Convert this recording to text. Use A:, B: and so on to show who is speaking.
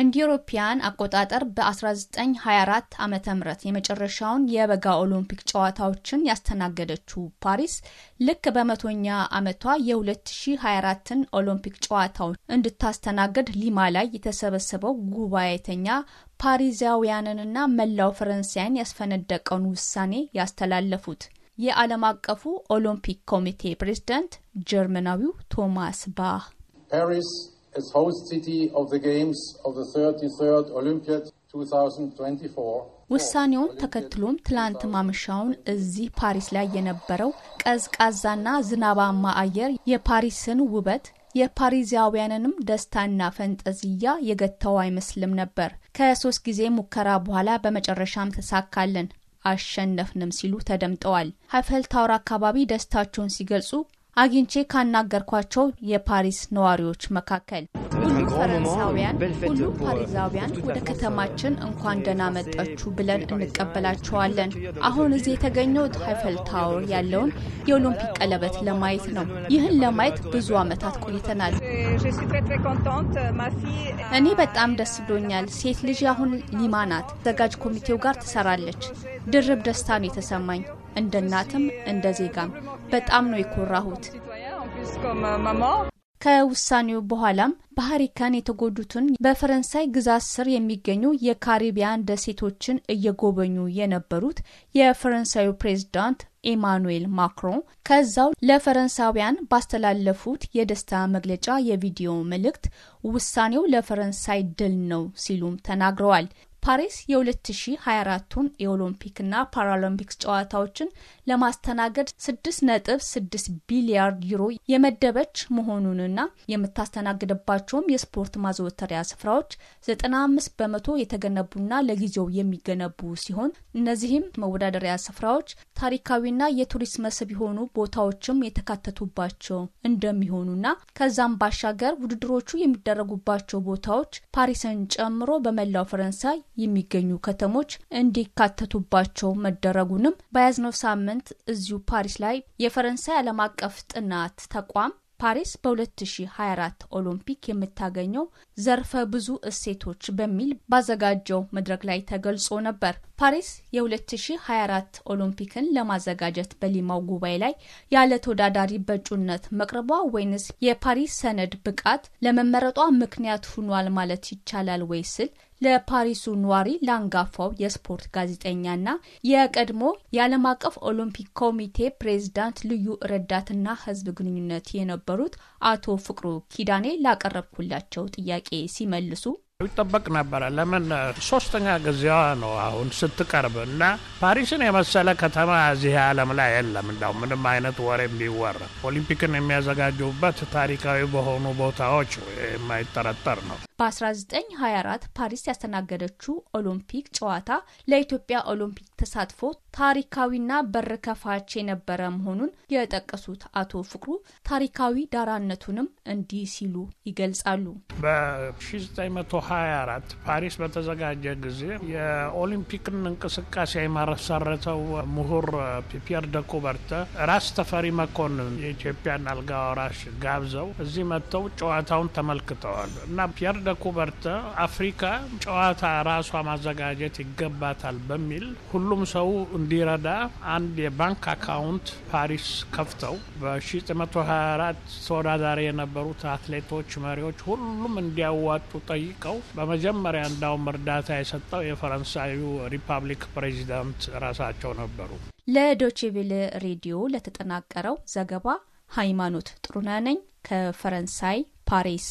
A: እንደ ኢሮፓያን አቆጣጠር በ1924 ዓ ም የመጨረሻውን የበጋ ኦሎምፒክ ጨዋታዎችን ያስተናገደችው ፓሪስ ልክ በመቶኛ ዓመቷ የ2024ን ኦሎምፒክ ጨዋታዎች እንድታስተናግድ ሊማ ላይ የተሰበሰበው ጉባኤተኛ ፓሪዛውያንንና መላው ፈረንሳይን ያስፈነደቀውን ውሳኔ ያስተላለፉት የዓለም አቀፉ ኦሎምፒክ ኮሚቴ ፕሬዝዳንት ጀርመናዊው ቶማስ ባህ as host city of the games of the 33rd Olympiad ውሳኔውን ተከትሎም ትላንት ማምሻውን እዚህ ፓሪስ ላይ የነበረው ቀዝቃዛና ዝናባማ አየር የፓሪስን ውበት የፓሪዚያውያንንም ደስታና ፈንጠዝያ የገታው አይመስልም ነበር። ከሶስት ጊዜ ሙከራ በኋላ በመጨረሻም ተሳካለን አሸነፍንም ሲሉ ተደምጠዋል። ሀይፈል ታወር አካባቢ ደስታቸውን ሲገልጹ አግኝቼ ካናገርኳቸው የፓሪስ ነዋሪዎች መካከል ኮንፈረንሳውያን፣ ሁሉም ፓሪዛውያን ወደ ከተማችን እንኳን ደህና መጣችሁ ብለን እንቀበላቸዋለን። አሁን እዚህ የተገኘው ሃይፈል ታወር ያለውን የኦሎምፒክ ቀለበት ለማየት ነው። ይህን ለማየት ብዙ ዓመታት ቆይተናል። እኔ በጣም ደስ ብሎኛል። ሴት ልጅ አሁን ሊማ ናት። ዘጋጅ ኮሚቴው ጋር ትሰራለች። ድርብ ደስታ ነው የተሰማኝ። እንደ እናትም እንደ ዜጋም በጣም ነው የኮራሁት። ከውሳኔው በኋላም በሀሪከን የተጎዱትን በፈረንሳይ ግዛት ስር የሚገኙ የካሪቢያን ደሴቶችን እየጎበኙ የነበሩት የፈረንሳዩ ፕሬዝዳንት ኤማኑኤል ማክሮን ከዛው ለፈረንሳውያን ባስተላለፉት የደስታ መግለጫ የቪዲዮ መልእክት ውሳኔው ለፈረንሳይ ድል ነው ሲሉም ተናግረዋል። ፓሪስ የ2024ቱን የኦሎምፒክና ፓራሎምፒክስ ጨዋታዎችን ለማስተናገድ 6.6 ቢሊያርድ ዩሮ የመደበች መሆኑንና የምታስተናግድባቸውም የስፖርት ማዘወተሪያ ስፍራዎች 95 በመቶ የተገነቡና ለጊዜው የሚገነቡ ሲሆን እነዚህም መወዳደሪያ ስፍራዎች ታሪካዊና የቱሪስት መስህብ የሆኑ ቦታዎችም የተካተቱባቸው እንደሚሆኑና ከዛም ባሻገር ውድድሮቹ የሚደረጉባቸው ቦታዎች ፓሪስን ጨምሮ በመላው ፈረንሳይ የሚገኙ ከተሞች እንዲካተቱባቸው መደረጉንም በያዝነው ሳምንት እዚሁ ፓሪስ ላይ የፈረንሳይ ዓለም አቀፍ ጥናት ተቋም ፓሪስ በ2024 ኦሎምፒክ የምታገኘው ዘርፈ ብዙ እሴቶች በሚል ባዘጋጀው መድረክ ላይ ተገልጾ ነበር። ፓሪስ የ2024 ኦሎምፒክን ለማዘጋጀት በሊማው ጉባኤ ላይ ያለ ተወዳዳሪ በእጩነት መቅረቧ ወይንስ የፓሪስ ሰነድ ብቃት ለመመረጧ ምክንያት ሆኗል ማለት ይቻላል ወይ ስል ለፓሪሱ ኗሪ ለአንጋፋው የስፖርት ጋዜጠኛና የቀድሞ የዓለም አቀፍ ኦሎምፒክ ኮሚቴ ፕሬዝዳንት ልዩ ረዳትና ሕዝብ ግንኙነት የነበሩት አቶ ፍቅሩ ኪዳኔ ላቀረብኩላቸው ጥያቄ ሲመልሱ
B: ይጠበቅ ነበረ። ለምን ሶስተኛ ጊዜዋ ነው አሁን ስትቀርብ እና ፓሪስን የመሰለ ከተማ እዚህ ዓለም ላይ የለም። እንዳው ምንም አይነት ወሬ ቢወራ ኦሊምፒክን የሚያዘጋጁበት ታሪካዊ በሆኑ ቦታዎች የማይጠረጠር ነው።
A: በ1924 ፓሪስ ያስተናገደችው ኦሎምፒክ ጨዋታ ለኢትዮጵያ ኦሎምፒክ ተሳትፎ ታሪካዊና በር ከፋች የነበረ መሆኑን የጠቀሱት አቶ ፍቅሩ ታሪካዊ ዳራነቱንም እንዲህ ሲሉ ይገልጻሉ
B: በ 24 ፓሪስ በተዘጋጀ ጊዜ የኦሊምፒክን እንቅስቃሴ የመሰረተው ምሁር ፒየር ደኩበርተ ራስ ተፈሪ መኮንን የኢትዮጵያን አልጋ ወራሽ ጋብዘው እዚህ መጥተው ጨዋታውን ተመልክተዋል እና ፒየር ደኩበርተ አፍሪካ ጨዋታ ራሷ ማዘጋጀት ይገባታል በሚል ሁሉም ሰው እንዲረዳ አንድ የባንክ አካውንት ፓሪስ ከፍተው በ1924 ተወዳዳሪ የነበሩት አትሌቶች፣ መሪዎች ሁሉም እንዲያዋጡ ጠይቀው በመጀመሪያ እንዳውም እርዳታ የሰጠው የፈረንሳዩ ሪፐብሊክ ፕሬዚዳንት ራሳቸው ነበሩ።
A: ለዶችቪል ሬዲዮ ለተጠናቀረው ዘገባ ሃይማኖት ጥሩነህ ነኝ ከፈረንሳይ ፓሪስ